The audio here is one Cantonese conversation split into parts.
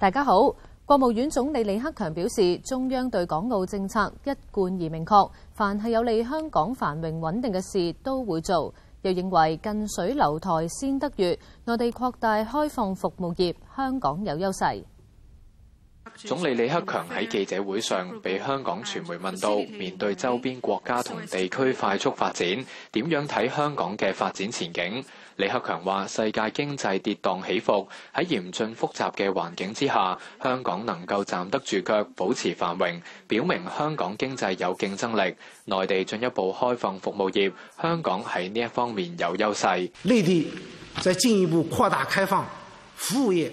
大家好，國務院總理李克強表示，中央對港澳政策一貫而明確，凡係有利香港繁榮穩定嘅事都會做。又認為近水樓台先得月，內地擴大開放服務業，香港有優勢。總理李克強喺記者會上被香港傳媒問到，面對周邊國家同地區快速發展，點樣睇香港嘅發展前景？李克強話：世界經濟跌宕起伏，喺嚴峻複雜嘅環境之下，香港能夠站得住腳，保持繁榮，表明香港經濟有競爭力。內地進一步開放服務業，香港喺呢一方面有優勢。內地再進一步擴大開放服務業，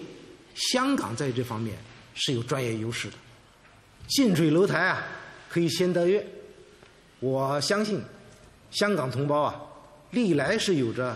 香港在這方面是有專業優勢的。近水樓台啊，可以先得月。我相信香港同胞啊，歷來是有着，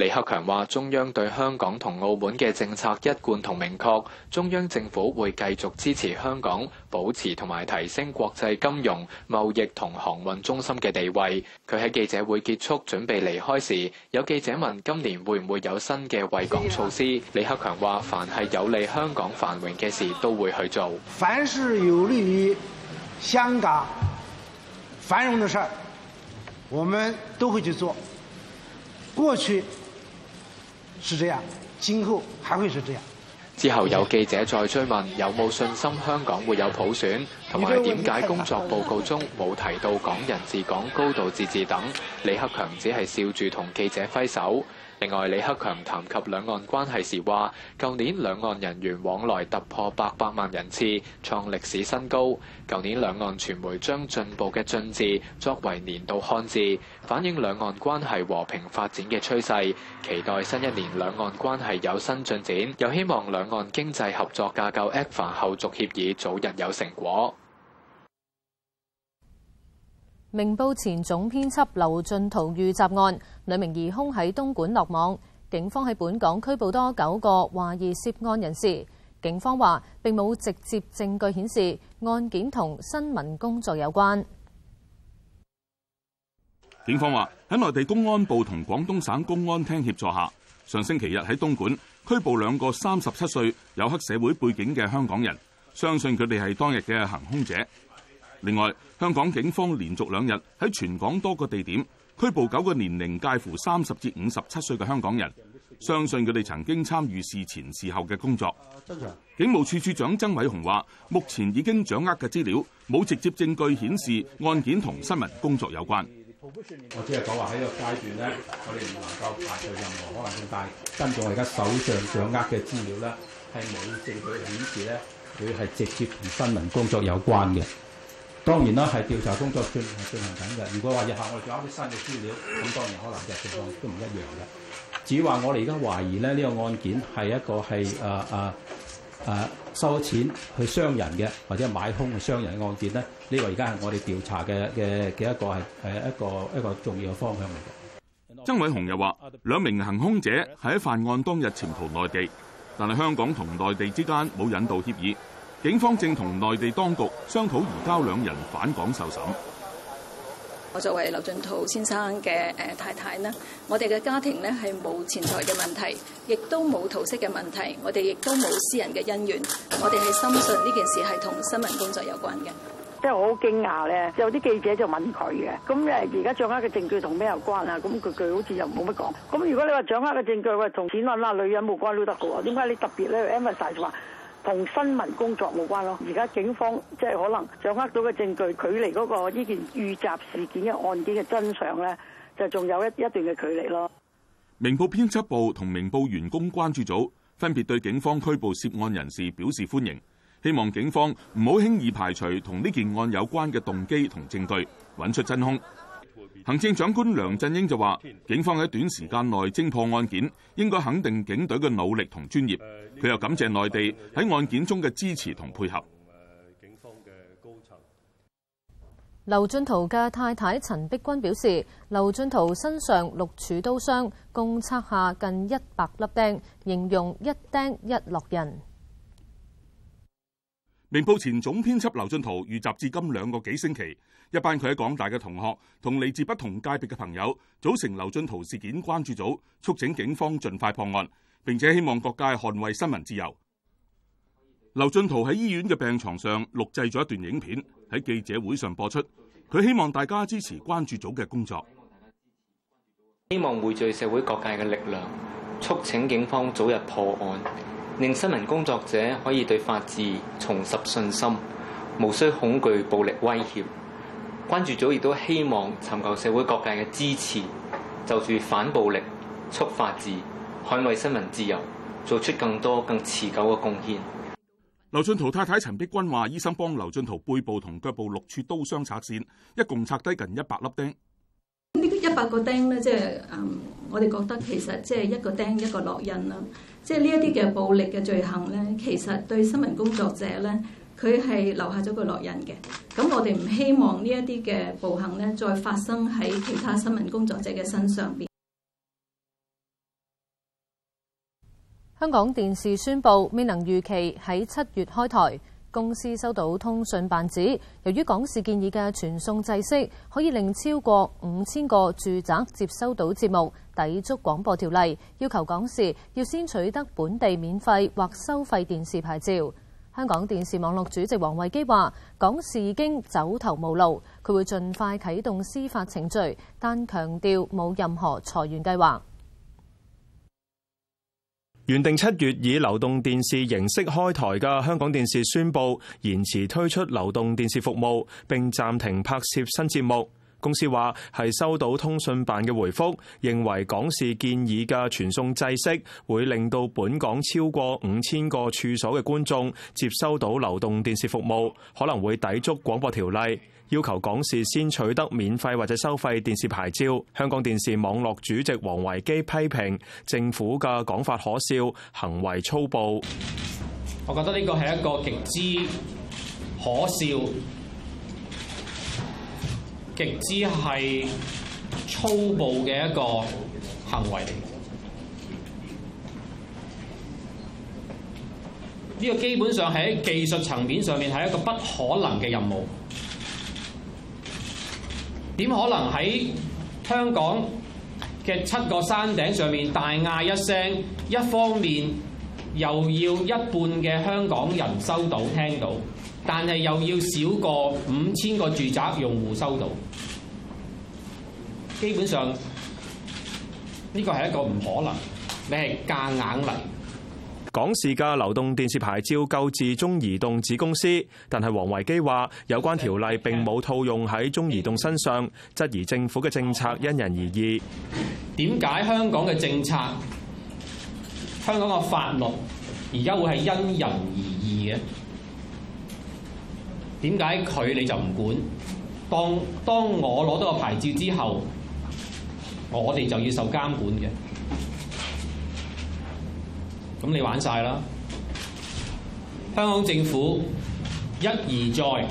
李克強話：中央對香港同澳門嘅政策一貫同明確，中央政府會繼續支持香港保持同埋提升國際金融、貿易同航運中心嘅地位。佢喺記者會結束準備離開時，有記者問：今年會唔會有新嘅惠港措施？李克強話：凡係有利香港繁榮嘅事，都會去做。凡是有利於香港繁榮的事，我們都會去做。過去，是這樣，今後還會是這樣。之後有記者再追問，有冇信心香港會有普選，同埋點解工作報告中冇提到港人治港、高度自治等，李克強只係笑住同記者揮手。另外，李克強談及兩岸關係時話，舊年兩岸人員往來突破八百萬人次，創歷史新高。舊年兩岸傳媒將進步嘅進字作為年度漢字，反映兩岸關係和平發展嘅趨勢。期待新一年兩岸關係有新進展，又希望兩岸經濟合作架構 ECFA 後續協議早日有成果。明報前總編輯劉進圖遇襲案，兩名疑兇喺東莞落網，警方喺本港拘捕多九個懷疑涉案人士。警方話，並冇直接證據顯示案件同新聞工作有關。警方話喺內地公安部同廣東省公安廳協助下，上星期日喺東莞拘捕兩個三十七歲有黑社會背景嘅香港人，相信佢哋係當日嘅行兇者。另外，香港警方連續兩日喺全港多個地點拘捕九個年齡介乎三十至五十七歲嘅香港人，相信佢哋曾經參與事前事後嘅工作。警務處處長曾偉雄話：目前已經掌握嘅資料，冇直接證據顯示案件同新聞工作有關。我只係講話喺呢個階段呢，我哋唔能夠排除任何可能性。但係根據我而家手上掌握嘅資料呢，係冇證據顯示呢，佢係直接同新聞工作有關嘅。當然啦，係調查工作進行進行緊嘅。如果話日後我哋仲有啲新嘅資料，咁當然可能嘅情況都唔一樣嘅。至於話我哋而家懷疑咧，呢個案件係一個係誒誒誒收錢去傷人嘅，或者買兇去傷人嘅案件咧，呢個而家係我哋調查嘅嘅嘅一個係誒一個一個,一個重要嘅方向嚟嘅。曾偉雄又話：兩名行兇者喺犯案當日潛逃內地，但係香港同內地之間冇引渡協議。警方正同內地當局商討移交兩人返港受審。我作為劉進圖先生嘅誒太太呢，我哋嘅家庭呢係冇錢財嘅問題，亦都冇桃色嘅問題，我哋亦都冇私人嘅恩怨，我哋係深信呢件事係同新聞工作有關嘅。即係我好驚訝咧，有啲記者就問佢嘅，咁誒而家掌握嘅證據同咩有關啊？咁佢佢好似又冇乜講。咁如果你話掌握嘅證據喂，同錢銀啊、女人冇關都得嘅喎，點解你特別咧 emphasize 話？同新聞工作冇關咯，而家警方即係可能掌握到嘅證據，距離嗰個呢件遇襲事件嘅案件嘅真相呢，就仲有一一段嘅距離咯。明報編輯部同明報員工關注組分別對警方拘捕涉案人士表示歡迎，希望警方唔好輕易排除同呢件案有關嘅動機同證據，揾出真兇。行政長官梁振英就話，警方喺短時間內偵破案件，應該肯定警隊嘅努力同專業。佢又感謝內地喺案件中嘅支持同配合。警方嘅高層，劉進圖嘅太太陳碧君表示，劉進圖身上六處刀傷，共拆下近一百粒釘，形容一釘一烙印。明報前總編輯劉進圖遇襲至今兩個幾星期，一班佢喺港大嘅同學同嚟自不同界別嘅朋友組成劉進圖事件關注組，促請警方盡快破案，並且希望各界捍衛新聞自由。劉進圖喺醫院嘅病床上錄製咗一段影片喺記者會上播出，佢希望大家支持關注組嘅工作，希望匯聚社會各界嘅力量，促請警方早日破案。令新聞工作者可以對法治重拾信心，無需恐懼暴力威脅。關注組亦都希望尋求社會各界嘅支持，就住反暴力、促法治、捍衞新聞自由，做出更多更持久嘅貢獻。劉進圖太太陳碧君話：醫生幫劉進圖背部同腳部六處刀傷拆線，一共拆低近一百粒釘。呢一百個釘咧，即係嗯，我哋覺得其實即係一個釘一個烙印啦。即係呢一啲嘅暴力嘅罪行咧，其實對新聞工作者咧，佢係留下咗個烙印嘅。咁我哋唔希望呢一啲嘅暴行咧，再發生喺其他新聞工作者嘅身上邊。香港電視宣佈未能如期喺七月開台。公司收到通訊辦指，由於港視建議嘅傳送制式可以令超過五千個住宅接收到節目，抵觸廣播條例，要求港視要先取得本地免費或收費電視牌照。香港電視網絡主席王維基話：港視已經走投無路，佢會盡快啟動司法程序，但強調冇任何裁員計劃。原定七月以流動電視形式開台嘅香港電視宣佈延遲推出流動電視服務，並暫停拍攝新節目。公司話係收到通訊辦嘅回覆，認為港視建議嘅傳送制式會令到本港超過五千個處所嘅觀眾接收到流動電視服務，可能會抵觸廣播條例。要求港視先取得免費或者收費電視牌照。香港電視網絡主席王維基批評政府嘅講法可笑，行為粗暴。我覺得呢個係一個極之可笑、極之係粗暴嘅一個行為嚟。呢個基本上喺技術層面上面係一個不可能嘅任務。點可能喺香港嘅七個山頂上面大嗌一聲，一方面又要一半嘅香港人收到聽到，但係又要少過五千個住宅用戶收到，基本上呢個係一個唔可能，你係夾硬嚟。港視嘅流動電視牌照夠至中移動子公司，但係王維基話有關條例並冇套用喺中移動身上，質疑政府嘅政策因人而異。點解香港嘅政策、香港嘅法律而家會係因人而異嘅？點解佢你就唔管？當當我攞到個牌照之後，我哋就要受監管嘅。咁你玩晒啦！香港政府一而再、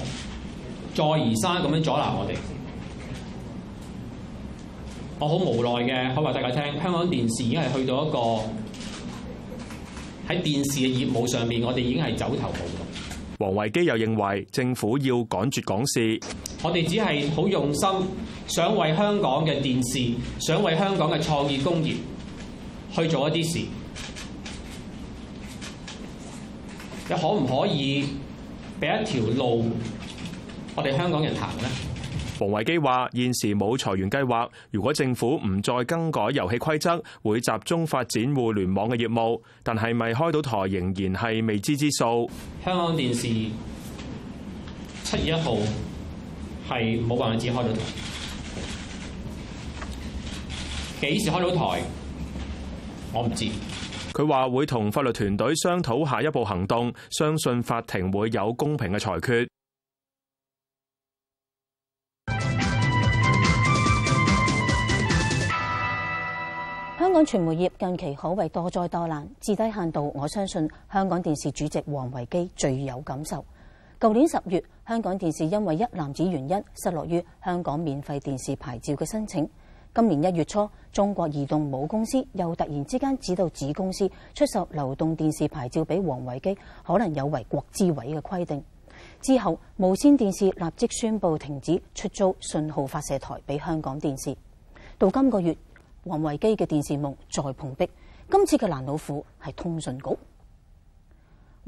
再而三咁樣阻攔我哋，我好無奈嘅，好話大家聽，香港電視已經係去到一個喺電視嘅業務上面，我哋已經係走投無路。王維基又認為政府要趕絕港視，我哋只係好用心，想為香港嘅電視，想為香港嘅創意工業去做一啲事。又可唔可以俾一條路我哋香港人行呢？王維基話：現時冇裁員計劃，如果政府唔再更改遊戲規則，會集中發展互聯網嘅業務，但係咪開到台仍然係未知之數。香港電視七月一號係冇辦法只開到台，幾時開到台我唔知道。佢話會同法律團隊商討下一步行動，相信法庭會有公平嘅裁決。香港傳媒業近期可謂多災多難，至低限度，我相信香港電視主席王維基最有感受。舊年十月，香港電視因為一男子原因失落於香港免費電視牌照嘅申請。今年一月初，中國移動母公司又突然之間指導子公司出售流動電視牌照俾王維基，可能有違國資委嘅規定。之後，無綫電視立即宣布停止出租信號發射台俾香港電視。到今個月，王維基嘅電視夢再碰壁。今次嘅攔路虎係通訊局。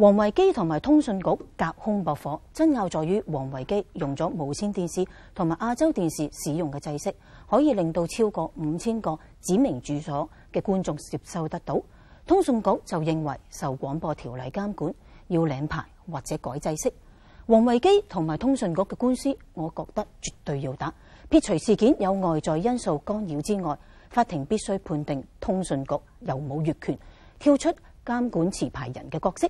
王維基同埋通訊局隔空駁火，爭拗在於王維基用咗無線電視同埋亞洲電視使用嘅制式，可以令到超過五千個指明住所嘅觀眾接收得到。通訊局就認為受廣播條例監管，要領牌或者改制式。王維基同埋通訊局嘅官司，我覺得絕對要打。撇除事件有外在因素干擾之外，法庭必須判定通訊局有冇越權，跳出監管持牌人嘅角色。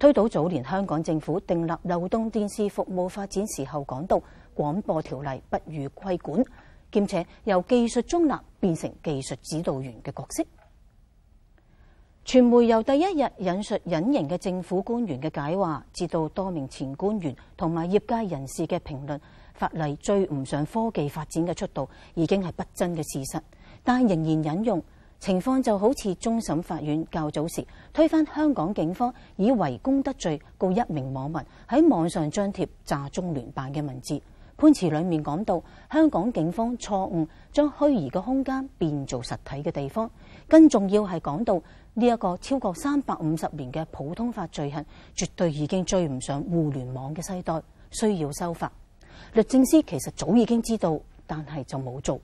推倒早年香港政府訂立流動電視服務發展時候講到廣播條例不如規管，兼且由技術中立變成技術指導員嘅角色。傳媒由第一日引述隱形嘅政府官員嘅解話，至到多名前官員同埋業界人士嘅評論，法例追唔上科技發展嘅速度，已經係不爭嘅事實，但仍然引用。情況就好似終審法院較早時推翻香港警方以違公德罪告一名網民喺網上張貼炸中聯辦嘅文字，判詞裏面講到香港警方錯誤將虛擬嘅空間變做實體嘅地方，更重要係講到呢一個超過三百五十年嘅普通法罪行，絕對已經追唔上互聯網嘅世代，需要修法。律政司其實早已經知道，但係就冇做。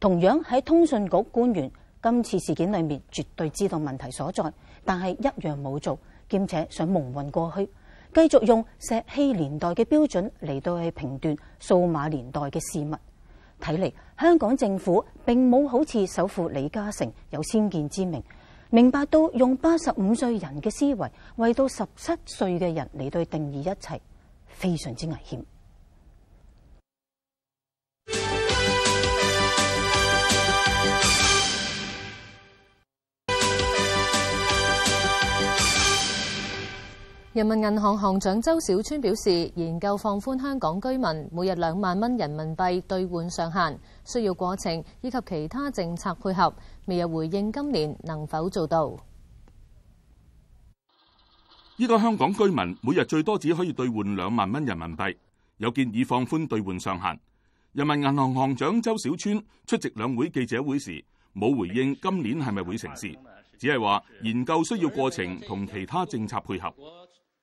同樣喺通訊局官員今次事件裏面，絕對知道問題所在，但係一樣冇做，兼且想蒙混過去，繼續用石器年代嘅標準嚟對去評斷數碼年代嘅事物。睇嚟香港政府並冇好似首富李嘉誠有先見之明，明白到用八十五歲人嘅思維為到十七歲嘅人嚟對定義一切，非常之危險。人民銀行行長周小川表示，研究放寬香港居民每日兩萬蚊人民幣兌換上限，需要過程以及其他政策配合，未有回應今年能否做到。依家香港居民每日最多只可以兌換兩萬蚊人民幣，有建議放寬兌換上限。人民銀行行長周小川出席兩會記者會時冇回應今年係咪會成事，只係話研究需要過程同其他政策配合。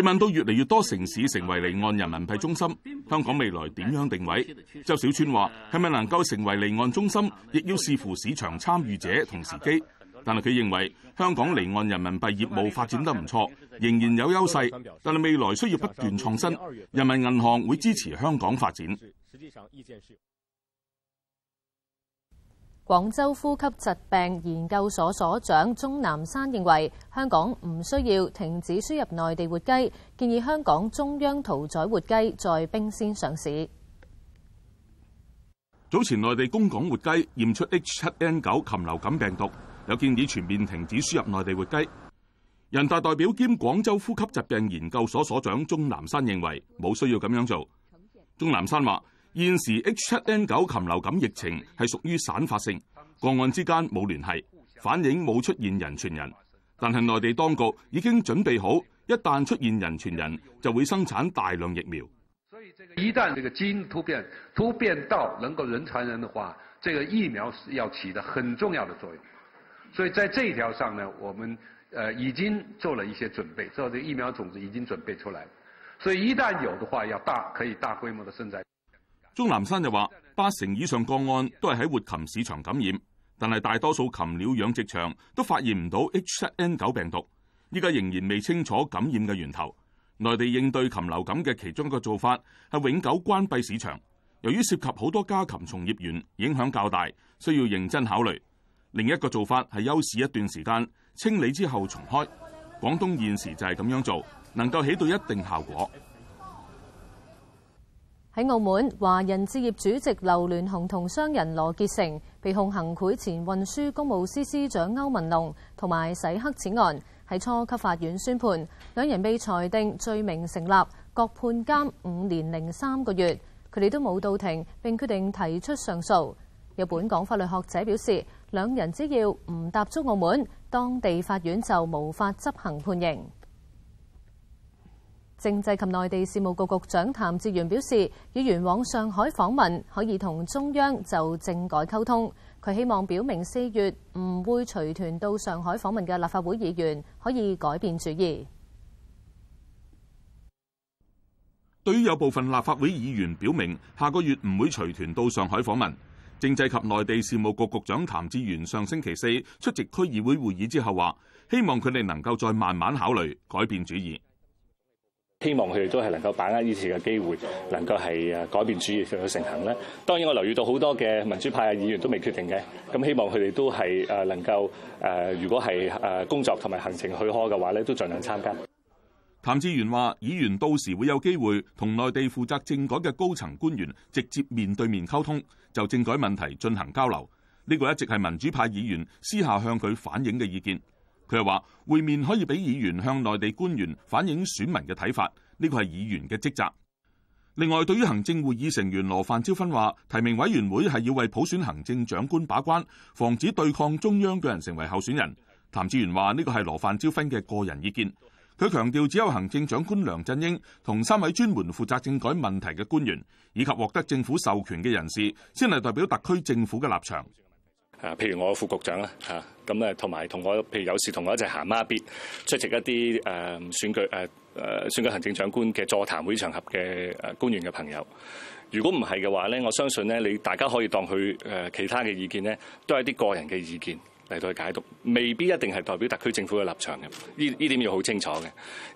被問到越嚟越多城市成為離岸人民幣中心，香港未來點樣定位？周小川話，係咪能夠成為離岸中心，亦要視乎市場參與者同時機。但係佢認為，香港離岸人民幣業務發展得唔錯，仍然有優勢，但係未來需要不斷創新。人民銀行會支持香港發展。廣州呼吸疾病研究所所長鍾南山認為，香港唔需要停止輸入內地活雞，建議香港中央屠宰活雞再冰鮮上市。早前內地供港活雞驗出 H7N9 禽流感病毒，有建議全面停止輸入內地活雞。人大代表兼廣州呼吸疾病研究所所長鍾南山認為，冇需要咁樣做。鍾南山話。現時 H 七 N 九禽流感疫情係屬於散發性，個案之間冇聯繫，反映冇出現人傳人。但係內地當局已經準備好，一旦出現人傳人，就會生產大量疫苗。所以，一旦這個基因突變突變到能夠人傳人的話，這個疫苗要起的很重要的作用。所以在這一條上呢，我們呃已經做了一些準備，做了這個疫苗種子已經準備出來。所以一旦有的話，要大可以大規模的生產。鍾南山就話：八成以上個案都係喺活禽市場感染，但係大多數禽鳥養殖場都發現唔到 H7N9 病毒，依家仍然未清楚感染嘅源頭。內地應對禽流感嘅其中一個做法係永久關閉市場，由於涉及好多家禽從業員，影響較大，需要認真考慮。另一個做法係休市一段時間，清理之後重開。廣東現時就係咁樣做，能夠起到一定效果。喺澳門，華人置業主席劉鑾雄同商人羅傑承，被控行賄前運輸公務司司長歐文龍，同埋洗黑錢案，喺初級法院宣判，兩人被裁定罪名成立，各判監五年零三個月，佢哋都冇到庭，並決定提出上訴。有本港法律學者表示，兩人只要唔踏足澳門，當地法院就無法執行判刑。政制及內地事務局局長譚志源表示，議員往上海訪問可以同中央就政改溝通。佢希望表明四月唔會隨團到上海訪問嘅立法會議員可以改變主意。對於有部分立法會議員表明下個月唔會隨團到上海訪問，政制及內地事務局局長譚志源上星期四出席區議會會議之後話，希望佢哋能夠再慢慢考慮改變主意。希望佢哋都係能夠把握呢次嘅機會，能夠係改變主意，繼續成行咧。當然，我留意到好多嘅民主派嘅議員都未決定嘅，咁希望佢哋都係誒能夠誒，如果係誒工作同埋行程許可嘅話咧，都盡量參加。譚志源話，議員到時會有機會同內地負責政改嘅高層官員直接面對面溝通，就政改問題進行交流。呢個一直係民主派議員私下向佢反映嘅意見。佢又話：會面可以俾議員向內地官員反映選民嘅睇法，呢個係議員嘅職責。另外，對於行政會議成員羅范椒芬話：提名委員會係要為普選行政長官把關，防止對抗中央嘅人成為候選人。譚志源話：呢個係羅范椒芬嘅個人意見。佢強調只有行政長官梁振英同三位專門負責政改問題嘅官員，以及獲得政府授權嘅人士，先係代表特區政府嘅立場。啊，譬如我副局長啦，嚇、啊，咁咧同埋同我譬如有時同我一齊行孖咇出席一啲誒、啊、選舉誒誒、啊啊、選舉行政長官嘅座談會場合嘅誒、啊、官員嘅朋友，如果唔係嘅話咧，我相信咧你大家可以當佢誒、啊、其他嘅意見咧，都係啲個人嘅意見。嚟到去解讀，未必一定係代表特區政府嘅立場嘅，呢呢點要好清楚嘅。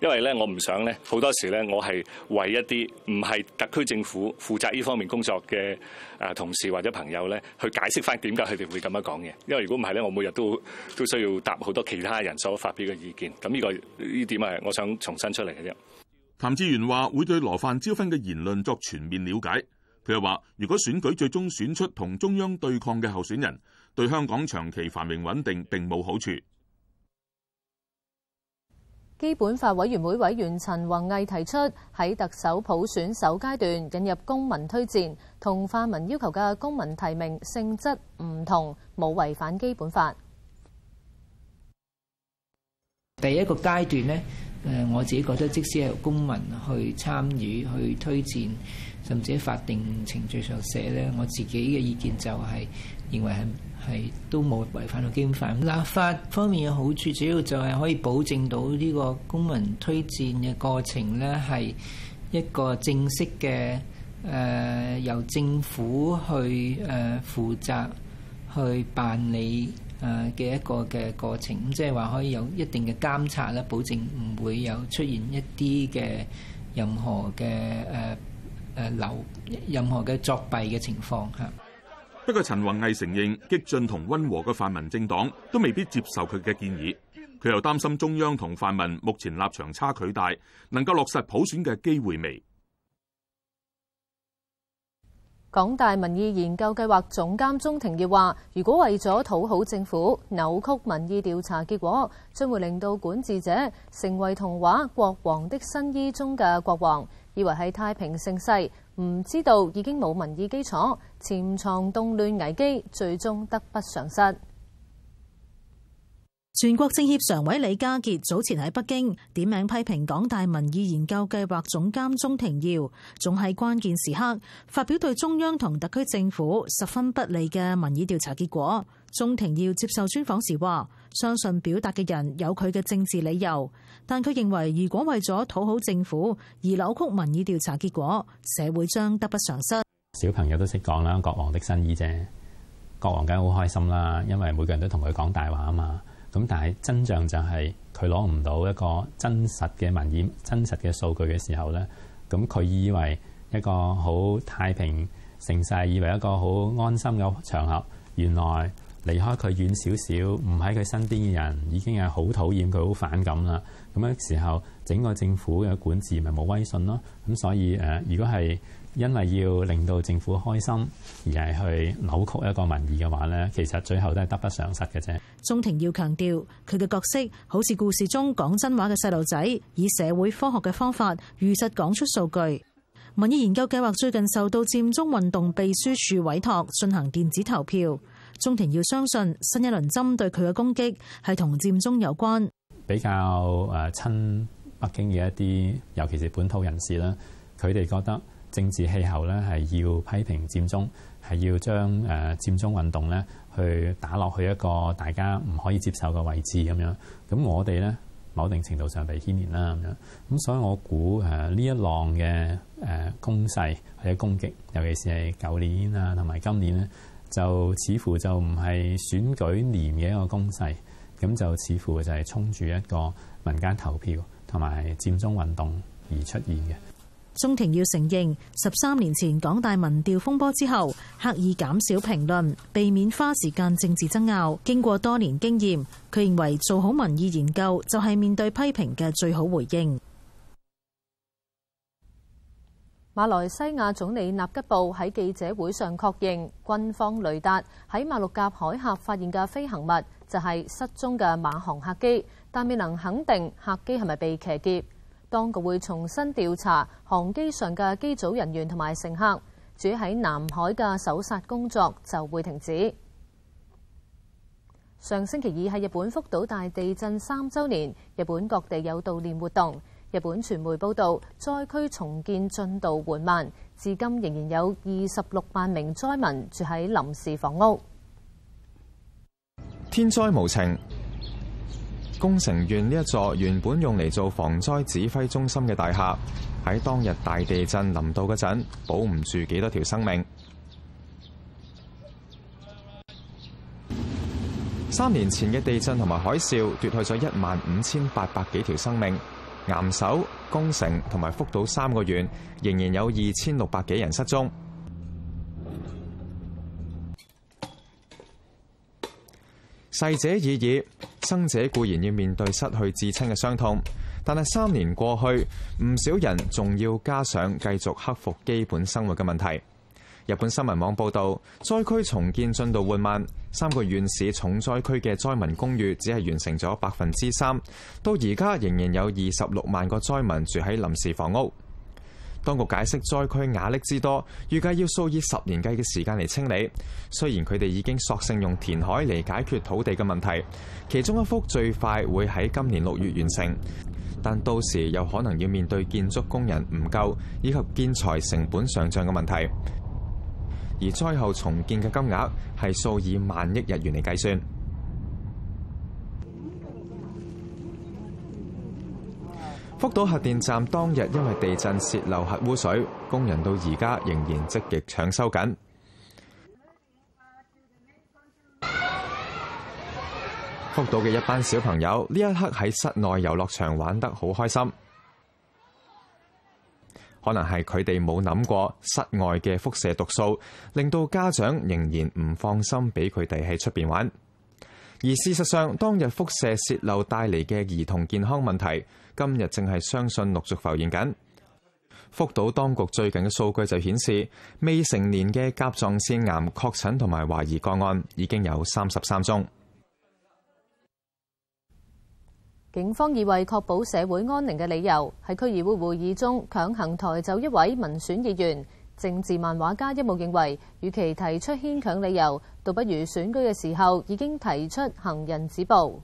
因為咧，我唔想咧，好多時咧，我係為一啲唔係特區政府負責呢方面工作嘅啊、呃、同事或者朋友咧，去解釋翻點解佢哋會咁樣講嘅。因為如果唔係咧，我每日都都需要答好多其他人所發表嘅意見。咁呢個呢點係我想重新出嚟嘅啫。譚志源話會對羅范椒芬嘅言論作全面了解。佢又話，如果選舉最終選出同中央對抗嘅候選人，對香港長期繁榮穩定並冇好處。基本法委員會委員陳弘毅提出，喺特首普選首階段引入公民推薦，同泛民要求嘅公民提名性質唔同，冇違反基本法。第一個階段呢，誒，我自己覺得，即使係公民去參與去推薦，甚至喺法定程序上寫呢，我自己嘅意見就係認為係。係都冇違反到基本法。立法方面嘅好處，主要就係可以保證到呢個公民推薦嘅過程呢係一個正式嘅誒、呃，由政府去誒、呃、負責去辦理誒嘅、呃、一個嘅過程。即係話可以有一定嘅監察啦，保證唔會有出現一啲嘅任何嘅誒誒流，任何嘅作弊嘅情況嚇。不過陳弘毅承認激進同溫和嘅泛民政黨都未必接受佢嘅建議，佢又擔心中央同泛民目前立場差距大，能夠落實普選嘅機會微。港大民意研究計劃總監鍾庭耀話：如果為咗討好政府，扭曲民意調查結果，將會令到管治者成為童話《國王的新衣》中嘅國王，以為係太平盛世。唔知道已經冇民意基礎，潛藏動亂危機，最終得不償失。全國政協常委李家傑早前喺北京點名批評港大民意研究計劃總監鍾庭耀，仲喺關鍵時刻發表對中央同特區政府十分不利嘅民意調查結果。鍾庭耀接受專訪時話：相信表達嘅人有佢嘅政治理由，但佢認為如果為咗討好政府而扭曲民意調查結果，社會將得不償失。小朋友都識講啦，國王的新衣啫，國王梗好開心啦，因為每個人都同佢講大話啊嘛。咁但係真相就係佢攞唔到一個真實嘅民意、真實嘅數據嘅時候呢，咁佢以為一個好太平盛世，以為一個好安心嘅場合，原來離開佢遠少少、唔喺佢身邊嘅人已經係好討厭佢、好反感啦。咁嘅時候，整個政府嘅管治咪冇威信咯。咁所以誒，如果係因為要令到政府開心而係去扭曲一個民意嘅話呢，其實最後都係得不償失嘅啫。鍾庭耀強調，佢嘅角色好似故事中講真話嘅細路仔，以社會科學嘅方法，如實講出數據。民意研究計劃最近受到佔中運動秘書處委託進行電子投票。鍾庭耀相信新一輪針對佢嘅攻擊係同佔中有關。比較誒親北京嘅一啲，尤其是本土人士啦，佢哋覺得政治氣候咧係要批評佔中，係要將誒佔中運動咧。去打落去一個大家唔可以接受嘅位置咁樣，咁我哋呢，某一定程度上被牽連啦咁樣。咁所以我估誒呢一浪嘅誒、啊、攻勢或者攻擊，尤其是係舊年啊，同埋今年呢，就似乎就唔係選舉年嘅一個攻勢，咁就似乎就係衝住一個民間投票同埋佔中運動而出現嘅。鍾庭耀承認，十三年前港大民調風波之後，刻意減少評論，避免花時間政治爭拗。經過多年經驗，佢認為做好民意研究就係面對批評嘅最好回應。馬來西亞總理納吉布喺記者會上確認，軍方雷達喺馬六甲海峽發現嘅飛行物就係失蹤嘅馬航客機，但未能肯定客機係咪被騎劫。當局會重新調查航機上嘅機組人員同埋乘客，住喺南海嘅搜索工作就會停止。上星期二係日本福島大地震三周年，日本各地有悼念活動。日本傳媒報道，災區重建進度緩慢，至今仍然有二十六萬名災民住喺臨時房屋。天災無情。宮城縣呢一座原本用嚟做防災指揮中心嘅大廈，喺當日大地震臨到嗰陣，保唔住幾多條生命。三年前嘅地震同埋海嘯奪去咗一萬五千八百幾條生命，岩手、宮城同埋福島三個縣仍然有二千六百幾人失蹤。逝者已矣。生者固然要面對失去至親嘅傷痛，但係三年過去，唔少人仲要加上繼續克服基本生活嘅問題。日本新聞網報道，災區重建進度緩慢，三個縣市重災區嘅災民公寓只係完成咗百分之三，到而家仍然有二十六萬個災民住喺臨時房屋。當局解釋災區瓦礫之多，預計要數以十年計嘅時間嚟清理。雖然佢哋已經索性用填海嚟解決土地嘅問題，其中一幅最快會喺今年六月完成，但到時又可能要面對建築工人唔夠以及建材成本上漲嘅問題。而災後重建嘅金額係數以萬億日元嚟計算。福島核電站當日因為地震泄漏核污水，工人到而家仍然積極搶修緊。福島嘅一班小朋友呢一刻喺室內遊樂場玩得好開心，可能係佢哋冇諗過室外嘅輻射毒素，令到家長仍然唔放心俾佢哋喺出邊玩。而事實上，當日輻射洩漏帶嚟嘅兒童健康問題，今日正係相信陸續浮現緊。福島當局最近嘅數據就顯示，未成年嘅甲狀腺癌確診同埋懷疑個案已經有三十三宗。警方以為確保社會安寧嘅理由，喺區議會會議中強行抬走一位民選議員。政治漫畫家一無認為，與其提出牽強理由，倒不如選舉嘅時候已經提出行人止步。